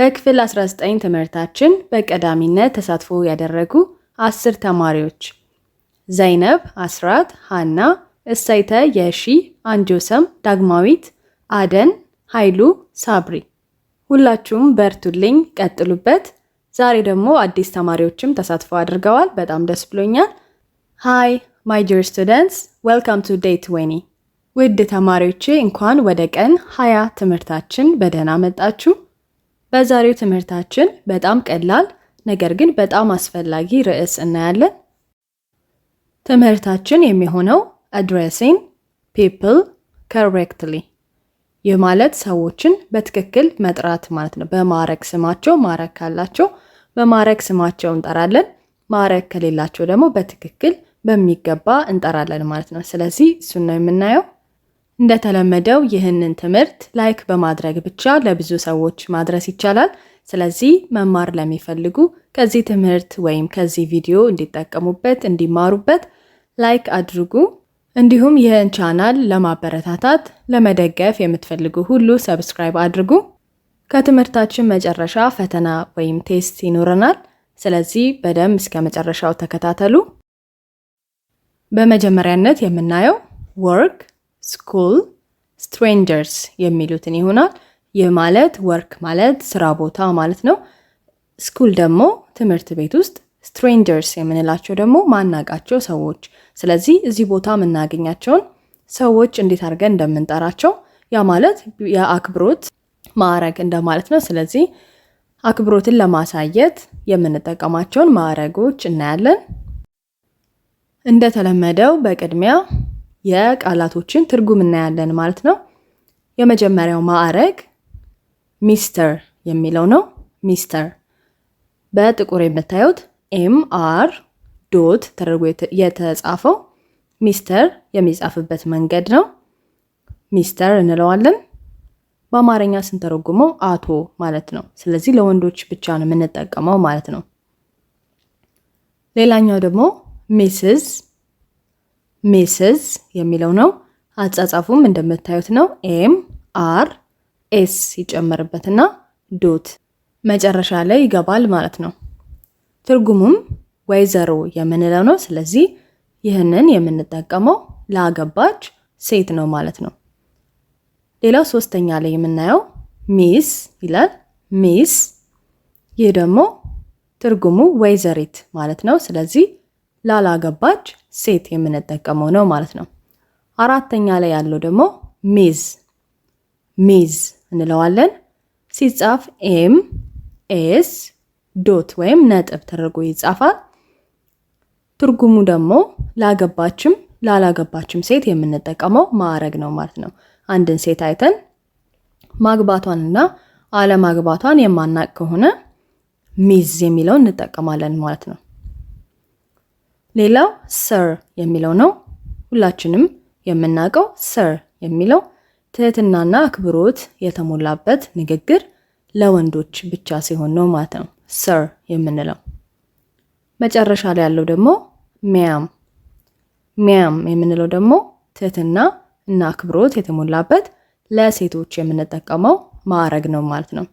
በክፍል 19 ትምህርታችን በቀዳሚነት ተሳትፎ ያደረጉ አስር ተማሪዎች ዘይነብ አስራት፣ ሃና፣ እሳይተ፣ የሺ፣ አንጆሰም፣ ዳግማዊት፣ አደን፣ ኃይሉ፣ ሳብሪ ሁላችሁም በርቱልኝ፣ ቀጥሉበት። ዛሬ ደግሞ አዲስ ተማሪዎችም ተሳትፎ አድርገዋል። በጣም ደስ ብሎኛል። ሃይ ማይ ዲር ስቱደንትስ ዌልካም ቱ ዴይ ትዌኒ። ውድ ተማሪዎቼ እንኳን ወደ ቀን ሀያ ትምህርታችን በደህና መጣችሁ። በዛሬው ትምህርታችን በጣም ቀላል ነገር ግን በጣም አስፈላጊ ርዕስ እናያለን። ትምህርታችን የሚሆነው አድሬሲንግ ፒፕል ከሬክትሊ፣ ይህ ማለት ሰዎችን በትክክል መጥራት ማለት ነው። በማረግ ስማቸው፣ ማረክ ካላቸው በማረግ ስማቸው እንጠራለን፣ ማረክ ከሌላቸው ደግሞ በትክክል በሚገባ እንጠራለን ማለት ነው። ስለዚህ እሱን ነው የምናየው። እንደተለመደው ይህንን ትምህርት ላይክ በማድረግ ብቻ ለብዙ ሰዎች ማድረስ ይቻላል። ስለዚህ መማር ለሚፈልጉ ከዚህ ትምህርት ወይም ከዚህ ቪዲዮ እንዲጠቀሙበት፣ እንዲማሩበት ላይክ አድርጉ። እንዲሁም ይህን ቻናል ለማበረታታት ለመደገፍ የምትፈልጉ ሁሉ ሰብስክራይብ አድርጉ። ከትምህርታችን መጨረሻ ፈተና ወይም ቴስት ይኖረናል። ስለዚህ በደንብ እስከ መጨረሻው ተከታተሉ። በመጀመሪያነት የምናየው ወርክ ስኩል ስትሬንጀርስ የሚሉትን ይሆናል። ይህ ማለት ወርክ ማለት ስራ ቦታ ማለት ነው። ስኩል ደግሞ ትምህርት ቤት ውስጥ ስትሬንጀርስ የምንላቸው ደግሞ ማናቃቸው ሰዎች። ስለዚህ እዚህ ቦታ የምናገኛቸውን ሰዎች እንዴት አድርገን እንደምንጠራቸው ያ ማለት የአክብሮት ማዕረግ እንደማለት ነው። ስለዚህ አክብሮትን ለማሳየት የምንጠቀማቸውን ማዕረጎች እናያለን። እንደተለመደው በቅድሚያ የቃላቶችን ትርጉም እናያለን ማለት ነው። የመጀመሪያው ማዕረግ ሚስተር የሚለው ነው። ሚስተር በጥቁር የምታዩት ኤም አር ዶት ተደርጎ የተጻፈው ሚስተር የሚጻፍበት መንገድ ነው። ሚስተር እንለዋለን። በአማርኛ ስንተረጉመው አቶ ማለት ነው። ስለዚህ ለወንዶች ብቻ ነው የምንጠቀመው ማለት ነው። ሌላኛው ደግሞ ሚስዝ ሚስዝ የሚለው ነው። አጻጻፉም እንደምታዩት ነው። ኤም አር ኤስ ይጨመርበትና ዶት መጨረሻ ላይ ይገባል ማለት ነው። ትርጉሙም ወይዘሮ የምንለው ነው። ስለዚህ ይህንን የምንጠቀመው ላገባች ሴት ነው ማለት ነው። ሌላው ሶስተኛ ላይ የምናየው ሚስ ይላል። ሚስ ይህ ደግሞ ትርጉሙ ወይዘሪት ማለት ነው። ስለዚህ ላላገባች ሴት የምንጠቀመው ነው ማለት ነው። አራተኛ ላይ ያለው ደግሞ ሚዝ ሚዝ እንለዋለን። ሲጻፍ ኤም ኤስ ዶት ወይም ነጥብ ተደርጎ ይጻፋል። ትርጉሙ ደግሞ ላገባችም ላላገባችም ሴት የምንጠቀመው ማዕረግ ነው ማለት ነው። አንድን ሴት አይተን ማግባቷንና አለማግባቷን የማናቅ ከሆነ ሚዝ የሚለውን እንጠቀማለን ማለት ነው። ሌላው ሰር የሚለው ነው። ሁላችንም የምናውቀው ሰር የሚለው ትህትናና አክብሮት የተሞላበት ንግግር ለወንዶች ብቻ ሲሆን ነው ማለት ነው ሰር የምንለው። መጨረሻ ላይ ያለው ደግሞ ሚያም ሚያም የምንለው ደግሞ ትህትና እና አክብሮት የተሞላበት ለሴቶች የምንጠቀመው ማዕረግ ነው ማለት ነው።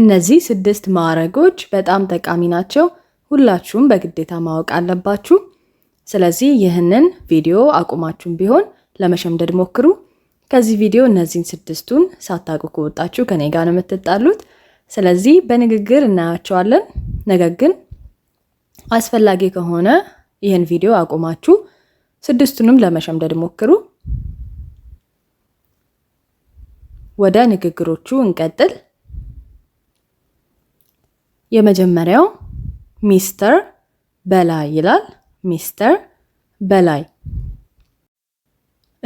እነዚህ ስድስት ማዕረጎች በጣም ጠቃሚ ናቸው። ሁላችሁም በግዴታ ማወቅ አለባችሁ። ስለዚህ ይህንን ቪዲዮ አቁማችሁም ቢሆን ለመሸምደድ ሞክሩ። ከዚህ ቪዲዮ እነዚህን ስድስቱን ሳታውቁ ከወጣችሁ ከኔ ጋር ነው የምትጣሉት። ስለዚህ በንግግር እናያቸዋለን። ነገር ግን አስፈላጊ ከሆነ ይህን ቪዲዮ አቁማችሁ ስድስቱንም ለመሸምደድ ሞክሩ። ወደ ንግግሮቹ እንቀጥል። የመጀመሪያው ሚስተር በላይ ይላል። ሚስተር በላይ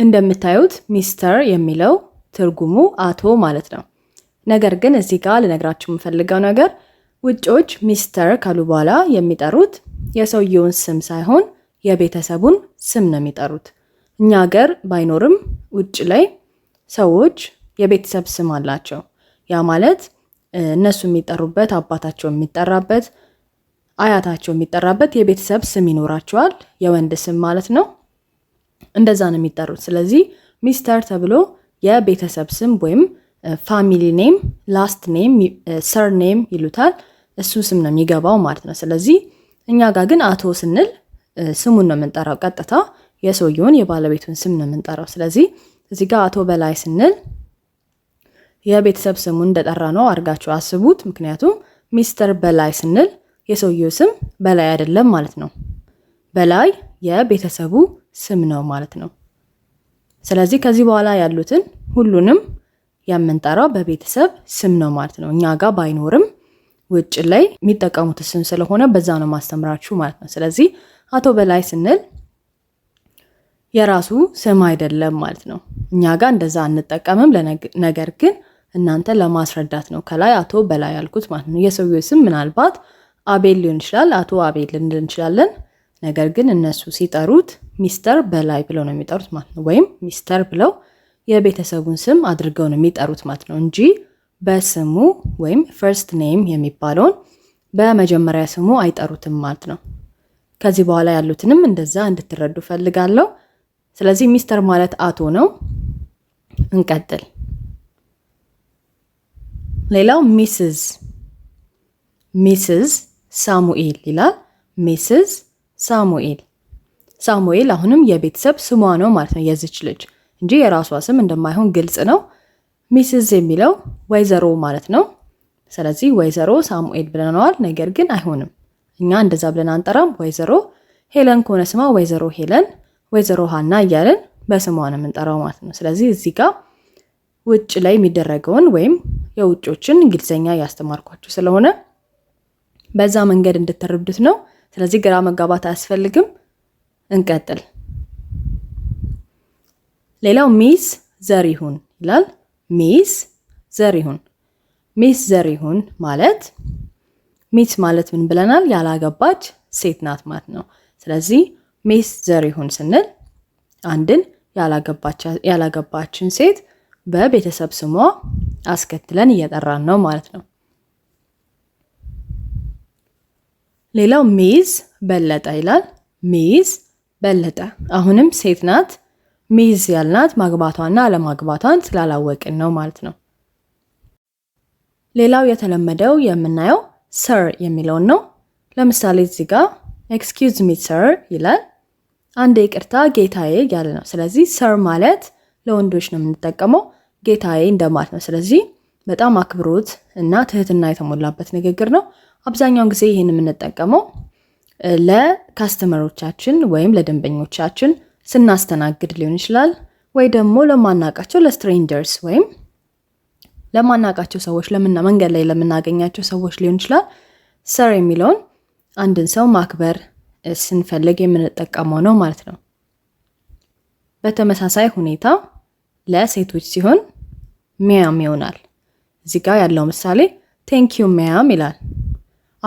እንደምታዩት ሚስተር የሚለው ትርጉሙ አቶ ማለት ነው። ነገር ግን እዚህ ጋር ልነግራችሁ የምፈልገው ነገር ውጪዎች ሚስተር ካሉ በኋላ የሚጠሩት የሰውየውን ስም ሳይሆን የቤተሰቡን ስም ነው የሚጠሩት። እኛ ሀገር ባይኖርም ውጭ ላይ ሰዎች የቤተሰብ ስም አላቸው። ያ ማለት እነሱ የሚጠሩበት አባታቸው የሚጠራበት አያታቸው የሚጠራበት የቤተሰብ ስም ይኖራቸዋል። የወንድ ስም ማለት ነው። እንደዛ ነው የሚጠሩት። ስለዚህ ሚስተር ተብሎ የቤተሰብ ስም ወይም ፋሚሊ ኔም፣ ላስት ኔም፣ ሰር ኔም ይሉታል። እሱ ስም ነው የሚገባው ማለት ነው። ስለዚህ እኛ ጋር ግን አቶ ስንል ስሙን ነው የምንጠራው። ቀጥታ የሰውየውን የባለቤቱን ስም ነው የምንጠራው። ስለዚህ እዚህ ጋር አቶ በላይ ስንል የቤተሰብ ስሙን እንደጠራ ነው አድርጋችሁ አስቡት። ምክንያቱም ሚስተር በላይ ስንል የሰውየው ስም በላይ አይደለም ማለት ነው። በላይ የቤተሰቡ ስም ነው ማለት ነው። ስለዚህ ከዚህ በኋላ ያሉትን ሁሉንም የምንጠራው በቤተሰብ ስም ነው ማለት ነው። እኛ ጋር ባይኖርም ውጭ ላይ የሚጠቀሙት ስም ስለሆነ በዛ ነው ማስተምራችሁ ማለት ነው። ስለዚህ አቶ በላይ ስንል የራሱ ስም አይደለም ማለት ነው። እኛ ጋር እንደዛ አንጠቀምም። ነገር ግን እናንተ ለማስረዳት ነው ከላይ አቶ በላይ ያልኩት ማለት ነው። የሰውየው ስም ምናልባት አቤል ሊሆን ይችላል፣ አቶ አቤል ልንል እንችላለን። ነገር ግን እነሱ ሲጠሩት ሚስተር በላይ ብለው ነው የሚጠሩት ማለት ነው። ወይም ሚስተር ብለው የቤተሰቡን ስም አድርገው ነው የሚጠሩት ማለት ነው እንጂ በስሙ ወይም ፈርስት ኔም የሚባለውን በመጀመሪያ ስሙ አይጠሩትም ማለት ነው። ከዚህ በኋላ ያሉትንም እንደዛ እንድትረዱ ፈልጋለሁ። ስለዚህ ሚስተር ማለት አቶ ነው። እንቀጥል። ሌላው ሚስዝ ሚስዝ ሳሙኤል ይላል። ሚስዝ ሳሙኤል ሳሙኤል አሁንም የቤተሰብ ስሟ ነው ማለት ነው የዚች ልጅ እንጂ የራሷ ስም እንደማይሆን ግልጽ ነው። ሚስዝ የሚለው ወይዘሮ ማለት ነው። ስለዚህ ወይዘሮ ሳሙኤል ብለነዋል። ነገር ግን አይሆንም፣ እኛ እንደዛ ብለን አንጠራም። ወይዘሮ ሄለን ከሆነ ስሟ ወይዘሮ ሄለን፣ ወይዘሮ ሀና እያለን በስሟ ነው የምንጠራው ማለት ነው። ስለዚህ እዚህ ጋር ውጭ ላይ የሚደረገውን ወይም የውጮችን እንግሊዝኛ ያስተማርኳችሁ ስለሆነ በዛ መንገድ እንድትረዱት ነው። ስለዚህ ግራ መጋባት አያስፈልግም። እንቀጥል። ሌላው ሚስ ዘሪሁን ይላል። ሚስ ዘሪሁን ሚስ ዘሪሁን ማለት ሚስ ማለት ምን ብለናል? ያላገባች ሴት ናት ማለት ነው። ስለዚህ ሚስ ዘሪሁን ስንል አንድን ያላገባችን ሴት በቤተሰብ ስሟ አስከትለን እየጠራን ነው ማለት ነው። ሌላው ሚዝ በለጠ ይላል። ሚዝ በለጠ አሁንም ሴት ናት። ሚዝ ያልናት ማግባቷና አለማግባቷን ስላላወቅን ነው ማለት ነው። ሌላው የተለመደው የምናየው ሰር የሚለውን ነው። ለምሳሌ እዚህ ጋ ኤክስኪውዝ ሚ ሰር ይላል። አንድ ይቅርታ ጌታዬ ያለ ነው። ስለዚህ ሰር ማለት ለወንዶች ነው የምንጠቀመው ጌታዬ እንደማለት ነው። ስለዚህ በጣም አክብሮት እና ትህትና የተሞላበት ንግግር ነው። አብዛኛውን ጊዜ ይህን የምንጠቀመው ለካስተመሮቻችን ወይም ለደንበኞቻችን ስናስተናግድ ሊሆን ይችላል፣ ወይ ደግሞ ለማናቃቸው ለስትሬንጀርስ ወይም ለማናቃቸው ሰዎች ለምና መንገድ ላይ ለምናገኛቸው ሰዎች ሊሆን ይችላል። ሰር የሚለውን አንድን ሰው ማክበር ስንፈልግ የምንጠቀመው ነው ማለት ነው። በተመሳሳይ ሁኔታ ለሴቶች ሲሆን ሚያም ይሆናል። እዚህ ጋር ያለው ምሳሌ ቴንኪዩ ሚያም ይላል።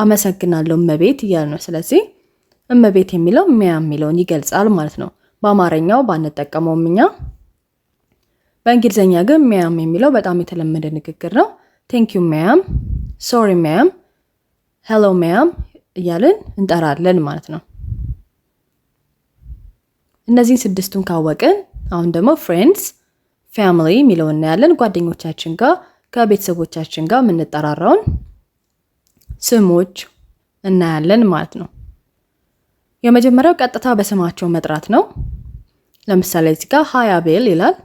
አመሰግናለሁ እመቤት እያለ ነው። ስለዚህ እመቤት የሚለው ሚያ የሚለውን ይገልጻል ማለት ነው። በአማርኛው ባንጠቀመውም እኛ በእንግሊዝኛ ግን ሚያም የሚለው በጣም የተለመደ ንግግር ነው። ቴንኪዩ ሚያም፣ ሶሪ ሚያም፣ ሄሎ ሚያም እያልን እንጠራለን ማለት ነው። እነዚህን ስድስቱን ካወቅን አሁን ደግሞ ፍሬንድስ ፋሚሊ የሚለው እናያለን። ጓደኞቻችን ጋር ከቤተሰቦቻችን ጋር የምንጠራራውን ስሞች እናያለን ማለት ነው። የመጀመሪያው ቀጥታ በስማቸው መጥራት ነው። ለምሳሌ እዚህ ጋር ሀይ አቤል ይላል።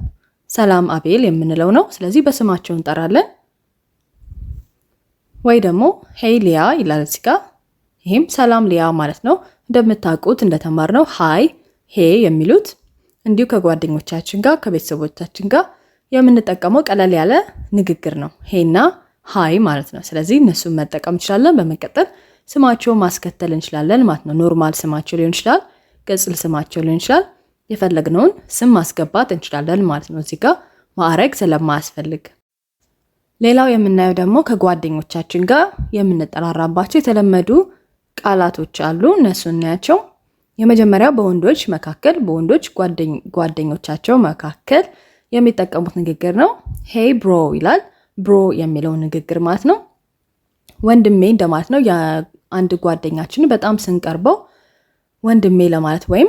ሰላም አቤል የምንለው ነው። ስለዚህ በስማቸው እንጠራለን። ወይ ደግሞ ሄይ ሊያ ይላል እዚህ ጋር። ይህም ሰላም ሊያ ማለት ነው። እንደምታውቁት እንደተማር ነው ሀይ ሄ የሚሉት እንዲሁ ከጓደኞቻችን ጋር ከቤተሰቦቻችን ጋር የምንጠቀመው ቀለል ያለ ንግግር ነው ሄና ሀይ ማለት ነው። ስለዚህ እነሱን መጠቀም እንችላለን። በመቀጠል ስማቸውን ማስከተል እንችላለን ማለት ነው። ኖርማል ስማቸው ሊሆን ይችላል፣ ቅጽል ስማቸው ሊሆን ይችላል። የፈለግነውን ስም ማስገባት እንችላለን ማለት ነው። እዚህ ጋር ማዕረግ ስለማያስፈልግ። ሌላው የምናየው ደግሞ ከጓደኞቻችን ጋር የምንጠራራባቸው የተለመዱ ቃላቶች አሉ። እነሱ እናያቸው። የመጀመሪያው በወንዶች መካከል በወንዶች ጓደኞቻቸው መካከል የሚጠቀሙት ንግግር ነው። ሄይ ብሮ ይላል። ብሮ የሚለው ንግግር ማለት ነው። ወንድሜ እንደማለት ነው። የአንድ ጓደኛችን በጣም ስንቀርበው ወንድሜ ለማለት ወይም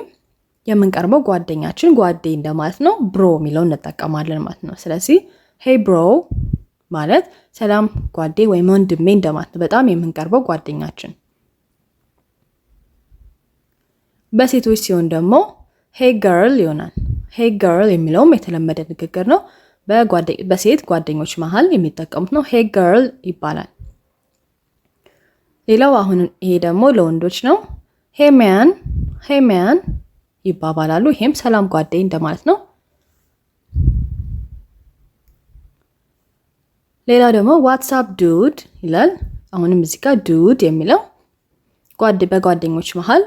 የምንቀርበው ጓደኛችን ጓዴ እንደማለት ነው። ብሮ የሚለው እንጠቀማለን ማለት ነው። ስለዚህ ሄይ ብሮ ማለት ሰላም ጓዴ ወይም ወንድሜ እንደማለት ነው። በጣም የምንቀርበው ጓደኛችን። በሴቶች ሲሆን ደግሞ ሄይ ገርል ይሆናል። ሄይ ገርል የሚለውም የተለመደ ንግግር ነው። በሴት ጓደኞች መሀል የሚጠቀሙት ነው። ሄ ገርል ይባላል። ሌላው አሁን ይሄ ደግሞ ለወንዶች ነው። ሄይ ማን፣ ሄሚያን ማን ሄይ ይባባላሉ ይሄም ሰላም ጓደኝ እንደማለት ነው። ሌላው ደግሞ ዋትሳፕ ዱድ ይላል። አሁንም እዚህ ጋር ዱድ የሚለው በጓደኞች መሀል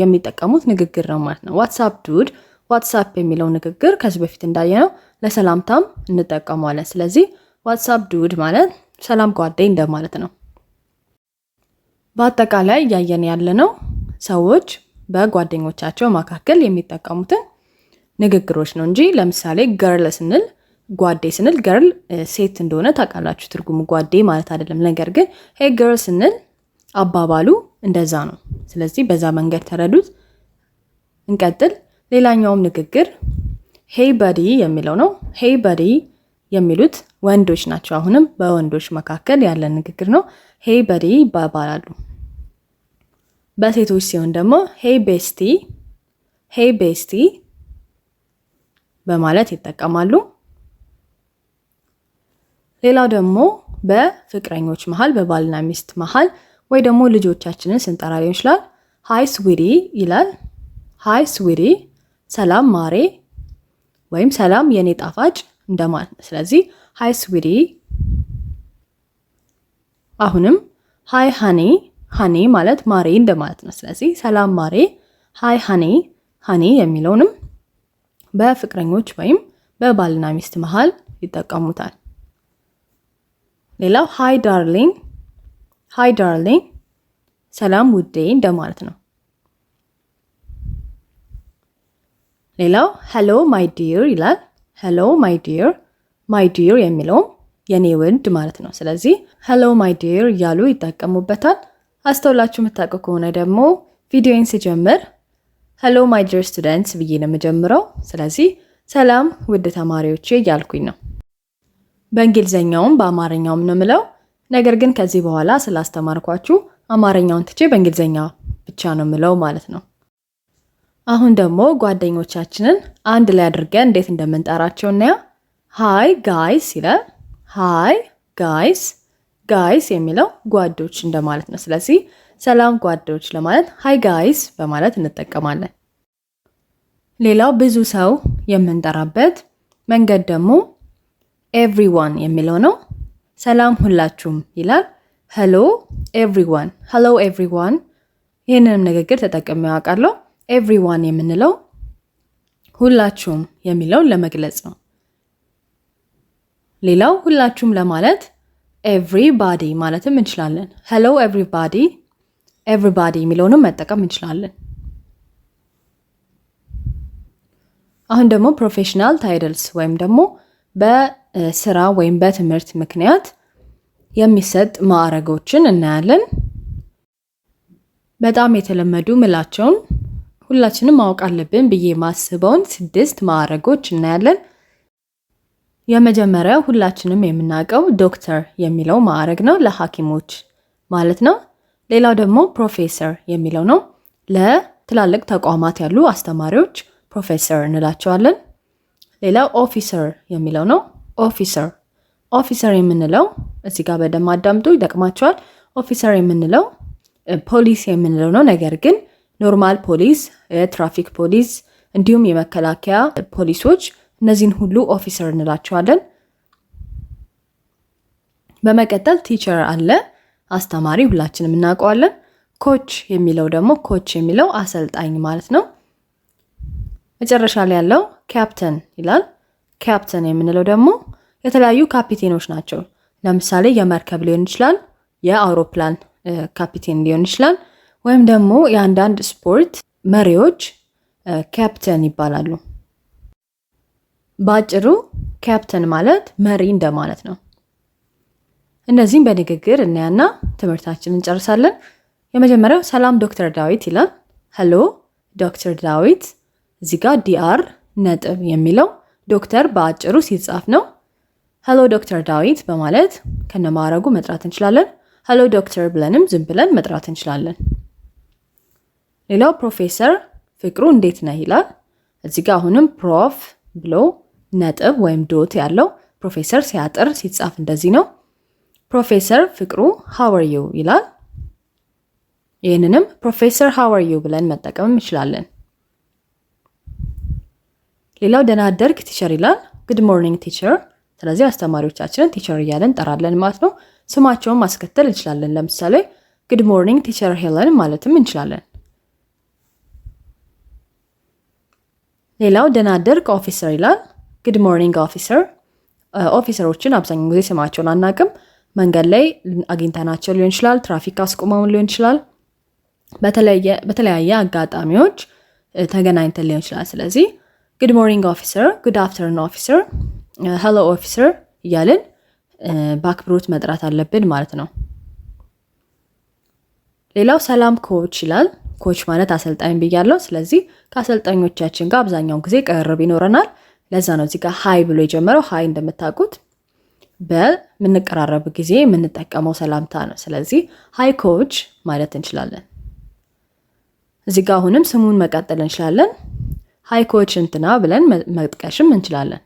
የሚጠቀሙት ንግግር ነው ማለት ነው። ዋትሳፕ ዱድ ዋትሳፕ የሚለው ንግግር ከዚህ በፊት እንዳየ ነው ለሰላምታም እንጠቀመዋለን። ስለዚህ ዋትሳፕ ዱድ ማለት ሰላም ጓደኝ እንደማለት ነው። በአጠቃላይ እያየን ያለነው ሰዎች በጓደኞቻቸው መካከል የሚጠቀሙትን ንግግሮች ነው እንጂ ለምሳሌ ገርል ስንል ጓዴ ስንል ገርል ሴት እንደሆነ ታውቃላችሁ፣ ትርጉሙ ጓዴ ማለት አይደለም። ነገር ግን ሄ ገርል ስንል አባባሉ እንደዛ ነው። ስለዚህ በዛ መንገድ ተረዱት። እንቀጥል። ሌላኛውም ንግግር ሄይ በዲ የሚለው ነው። ሄይ በዲ የሚሉት ወንዶች ናቸው። አሁንም በወንዶች መካከል ያለ ንግግር ነው። ሄይ በዲ ይባባላሉ። በሴቶች ሲሆን ደግሞ ሄይ ቤስቲ፣ ሄይ ቤስቲ በማለት ይጠቀማሉ። ሌላው ደግሞ በፍቅረኞች መሀል በባልና ሚስት መሃል ወይ ደግሞ ልጆቻችንን ስንጠራ ሊሆን ይችላል። ሃይ ስዊዲ ይላል። ሃይ ስዊዲ፣ ሰላም ማሬ ወይም ሰላም የእኔ ጣፋጭ እንደማለት ነው። ስለዚህ ሃይ ስዊዲ፣ አሁንም ሃይ ሃኔ፣ ሃኔ ማለት ማሬ እንደማለት ነው። ስለዚህ ሰላም ማሬ፣ ሃይ ሃኔ። ሃኔ የሚለውንም በፍቅረኞች ወይም በባልና ሚስት መሃል ይጠቀሙታል። ሌላው ሃይ ዳርሊንግ፣ ሃይ ዳርሊንግ ሰላም ውዴ እንደማለት ነው። ሌላው ሄሎ ማይ ዲር ይላል። ሄሎ ማይ ዲር፣ ማይ ዲር የሚለውም የኔ ውድ ማለት ነው። ስለዚህ ሄሎ ማይ ዲር እያሉ ይጠቀሙበታል። አስተውላችሁ የምታውቁ ከሆነ ደግሞ ቪዲዮን ስጀምር ሄሎ ማይ ዲር ስቱደንትስ ብዬ ነው የምጀምረው። ስለዚህ ሰላም ውድ ተማሪዎች እያልኩኝ ነው። በእንግሊዝኛውም በአማርኛውም ነው ምለው። ነገር ግን ከዚህ በኋላ ስላስተማርኳችሁ አማርኛውን ትቼ በእንግሊዝኛ ብቻ ነው ምለው ማለት ነው። አሁን ደግሞ ጓደኞቻችንን አንድ ላይ አድርገን እንዴት እንደምንጠራቸው እናያ። ሃይ ጋይስ ይላል። ሃይ ጋይስ፣ ጋይስ የሚለው ጓዶች እንደማለት ነው። ስለዚህ ሰላም ጓዶች ለማለት ሃይ ጋይስ በማለት እንጠቀማለን። ሌላው ብዙ ሰው የምንጠራበት መንገድ ደግሞ ኤቭሪዋን የሚለው ነው። ሰላም ሁላችሁም ይላል። ሄሎ ኤቭሪዋን፣ ሄሎ ኤቭሪዋን። ይህንንም ንግግር ተጠቅሜ አውቃለሁ። ኤቭሪዋን የምንለው ሁላችሁም የሚለውን ለመግለጽ ነው። ሌላው ሁላችሁም ለማለት ኤቭሪባዲ ማለትም እንችላለን። ሄሎ ኤቭሪባዲ፣ ኤቭሪባዲ የሚለውንም መጠቀም እንችላለን። አሁን ደግሞ ፕሮፌሽናል ታይትልስ ወይም ደግሞ በስራ ወይም በትምህርት ምክንያት የሚሰጥ ማዕረጎችን እናያለን። በጣም የተለመዱ ምላቸውን ሁላችንም ማወቅ አለብን ብዬ ማስበውን ስድስት ማዕረጎች እናያለን። የመጀመሪያው ሁላችንም የምናውቀው ዶክተር የሚለው ማዕረግ ነው፣ ለሐኪሞች ማለት ነው። ሌላው ደግሞ ፕሮፌሰር የሚለው ነው፣ ለትላልቅ ተቋማት ያሉ አስተማሪዎች ፕሮፌሰር እንላቸዋለን። ሌላው ኦፊሰር የሚለው ነው። ኦፊሰር ኦፊሰር የምንለው እዚህ ጋር በደንብ አዳምጡ፣ ይጠቅማቸዋል። ኦፊሰር የምንለው ፖሊስ የምንለው ነው። ነገር ግን ኖርማል ፖሊስ፣ የትራፊክ ፖሊስ እንዲሁም የመከላከያ ፖሊሶች እነዚህን ሁሉ ኦፊሰር እንላቸዋለን። በመቀጠል ቲቸር አለ አስተማሪ፣ ሁላችንም እናውቀዋለን። ኮች የሚለው ደግሞ ኮች የሚለው አሰልጣኝ ማለት ነው። መጨረሻ ላይ ያለው ካፕተን ይላል። ካፕተን የምንለው ደግሞ የተለያዩ ካፒቴኖች ናቸው። ለምሳሌ የመርከብ ሊሆን ይችላል፣ የአውሮፕላን ካፒቴን ሊሆን ይችላል፣ ወይም ደግሞ የአንዳንድ ስፖርት መሪዎች ካፕተን ይባላሉ። በአጭሩ ካፕተን ማለት መሪ እንደማለት ነው። እነዚህም በንግግር እናያና ትምህርታችንን እንጨርሳለን። የመጀመሪያው ሰላም ዶክተር ዳዊት ይላል። ሄሎ ዶክተር ዳዊት። እዚህ ጋር ዲአር ነጥብ የሚለው ዶክተር በአጭሩ ሲጻፍ ነው። ሄሎ ዶክተር ዳዊት በማለት ከነማዕረጉ መጥራት እንችላለን። ሄሎ ዶክተር ብለንም ዝም ብለን መጥራት እንችላለን። ሌላው ፕሮፌሰር ፍቅሩ እንዴት ነህ ይላል። እዚህ ጋር አሁንም ፕሮፍ ብሎ ነጥብ ወይም ዶት ያለው ፕሮፌሰር ሲያጥር ሲጻፍ እንደዚህ ነው። ፕሮፌሰር ፍቅሩ ሃወር ዩ ይላል። ይህንንም ፕሮፌሰር ሃወር ዩ ብለን መጠቀም እንችላለን። ሌላው ደህና አደርክ ቲቸር ይላል። ጉድ ሞርኒንግ ቲቸር። ስለዚህ አስተማሪዎቻችንን ቲቸር እያለን እንጠራለን ማለት ነው። ስማቸውን ማስከተል እንችላለን። ለምሳሌ ጉድ ሞርኒንግ ቲቸር ሄለን ማለትም እንችላለን። ሌላው ደህና ኦፊሰር ይላል። ጉድ ሞርኒንግ ኦፊሰር። ኦፊሰሮችን አብዛኛውን ጊዜ ስማቸውን አናቅም። መንገድ ላይ አግኝተናቸው ሊሆን ይችላል፣ ትራፊክ አስቆመውን ሊሆን ይችላል፣ በተለያየ አጋጣሚዎች ተገናኝተን ሊሆን ይችላል። ስለዚህ ግድ ሞርኒንግ ኦፊሰር፣ ግድ አፍተርን ኦፊሰር፣ ሄሎ ኦፊሰር እያልን በአክብሮት መጥራት አለብን ማለት ነው። ሌላው ሰላም ኮች ይላል። ኮች ማለት አሰልጣኝ ብያለው። ስለዚህ ከአሰልጣኞቻችን ጋር አብዛኛውን ጊዜ ቀርብ ይኖረናል። ለዛ ነው እዚህ ጋር ሀይ ብሎ የጀመረው። ሀይ እንደምታውቁት በምንቀራረብ ጊዜ የምንጠቀመው ሰላምታ ነው። ስለዚህ ሀይ ኮች ማለት እንችላለን። እዚህ ጋር አሁንም ስሙን መቀጠል እንችላለን። ሀይ ኮች እንትና ብለን መጥቀሽም እንችላለን።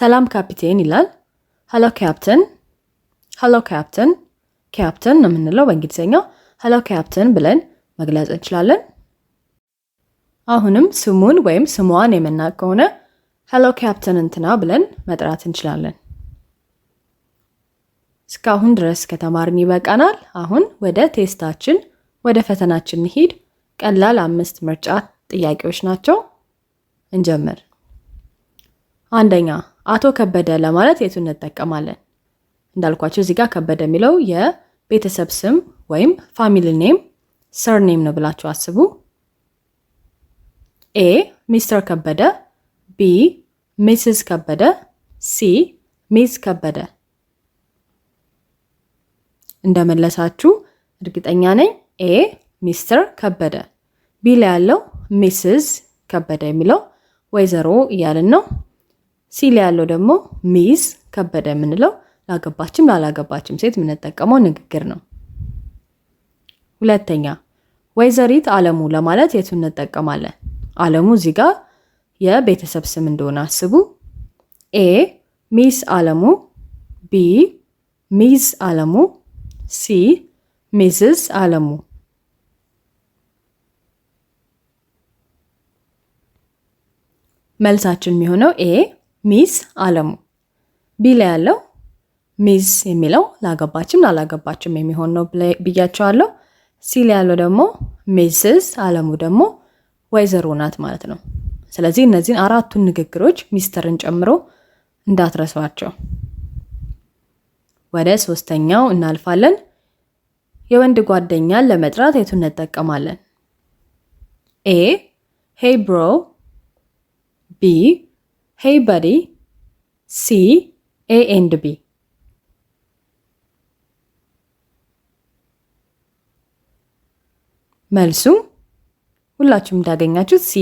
ሰላም ካፒቴን ይላል። ሀሎ ካፕተን፣ ሀሎ ካፕተን ካፕተን ነው የምንለው በእንግሊዝኛ። ሄሎ ካፕተን ብለን መግለጽ እንችላለን። አሁንም ስሙን ወይም ስሟን የምናውቅ ከሆነ ሄሎ ካፕተን እንትና ብለን መጥራት እንችላለን። እስካሁን ድረስ ከተማርን ይበቃናል። አሁን ወደ ቴስታችን ወደ ፈተናችን እንሂድ። ቀላል አምስት ምርጫ ጥያቄዎች ናቸው። እንጀምር። አንደኛ አቶ ከበደ ለማለት የቱን እንጠቀማለን? እንዳልኳቸው እዚህ ጋር ከበደ የሚለው ቤተሰብ ስም ወይም ፋሚሊ ኔም ሰርኔም ነው ብላችሁ አስቡ። ኤ ሚስተር ከበደ፣ ቢ ሚስስ ከበደ፣ ሲ ሚስ ከበደ። እንደመለሳችሁ እርግጠኛ ነኝ። ኤ ሚስተር ከበደ፣ ቢ ላይ ያለው ሚስስ ከበደ የሚለው ወይዘሮ እያልን ነው። ሲ ላይ ያለው ደግሞ ሚስ ከበደ የምንለው ላገባችም ላላገባችም ሴት የምንጠቀመው ንግግር ነው። ሁለተኛ ወይዘሪት አለሙ ለማለት የቱ እንጠቀማለን? አለሙ እዚህ ጋር የቤተሰብ ስም እንደሆነ አስቡ። ኤ ሚስ አለሙ፣ ቢ ሚዝ አለሙ፣ ሲ ሚዝስ አለሙ። መልሳችን የሚሆነው ኤ ሚስ አለሙ። ቢ ላይ ያለው ሚዝ የሚለው ላገባችም ላላገባችም የሚሆን ነው ብያቸዋለሁ። ሲል ያለው ደግሞ ሚስስ፣ አለሙ ደግሞ ወይዘሮ ናት ማለት ነው። ስለዚህ እነዚህን አራቱን ንግግሮች ሚስተርን ጨምሮ እንዳትረሷቸው። ወደ ሶስተኛው እናልፋለን። የወንድ ጓደኛን ለመጥራት የቱን እንጠቀማለን? ኤ ሄይ ብሮ፣ ቢ ሄይ በዲ፣ ሲ ኤ ኤንድ ቢ መልሱ ሁላችሁም እንዳገኛችሁት ሲ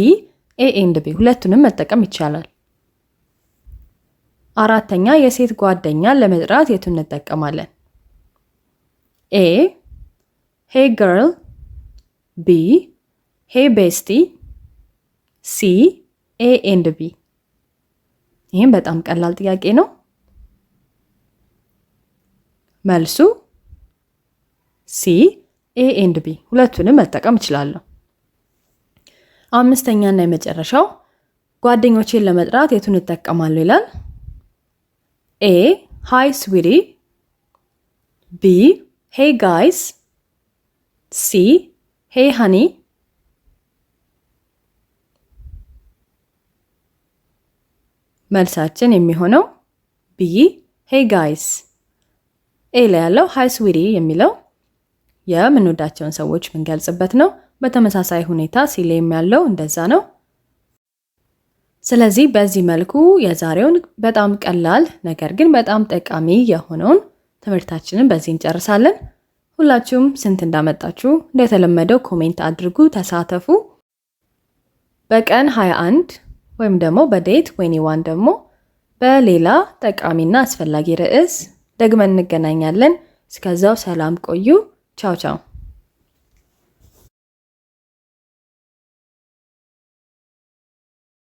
ኤ ኤንድ ቢ ሁለቱንም መጠቀም ይቻላል። አራተኛ የሴት ጓደኛ ለመጥራት የቱን እንጠቀማለን? ኤ ሄ ገርል፣ ቢ ሄ ቤስቲ፣ ሲ ኤ ኤንድ ቢ። ይህም በጣም ቀላል ጥያቄ ነው። መልሱ ሲ ኤ ኤንድ ቢ ሁለቱንም መጠቀም እችላለሁ። አምስተኛና የመጨረሻው ጓደኞቼን ለመጥራት የቱን እጠቀማለሁ ይላል። ኤ ሃይ ስዊዲ፣ ቢ ሄይ ጋይስ፣ ሲ ሄይ ሃኒ መልሳችን የሚሆነው ቢ ሄይ ጋይስ። ኤ ላይ ያለው ሃይ ስዊዲ የሚለው የምንወዳቸውን ሰዎች የምንገልጽበት ነው። በተመሳሳይ ሁኔታ ሲሌም ያለው እንደዛ ነው። ስለዚህ በዚህ መልኩ የዛሬውን በጣም ቀላል ነገር ግን በጣም ጠቃሚ የሆነውን ትምህርታችንን በዚህ እንጨርሳለን። ሁላችሁም ስንት እንዳመጣችሁ እንደተለመደው ኮሜንት አድርጉ፣ ተሳተፉ። በቀን 21 ወይም ደግሞ በዴት ወይኒ ዋን ደግሞ በሌላ ጠቃሚና አስፈላጊ ርዕስ ደግመን እንገናኛለን። እስከዛው ሰላም ቆዩ። Ciao ciao.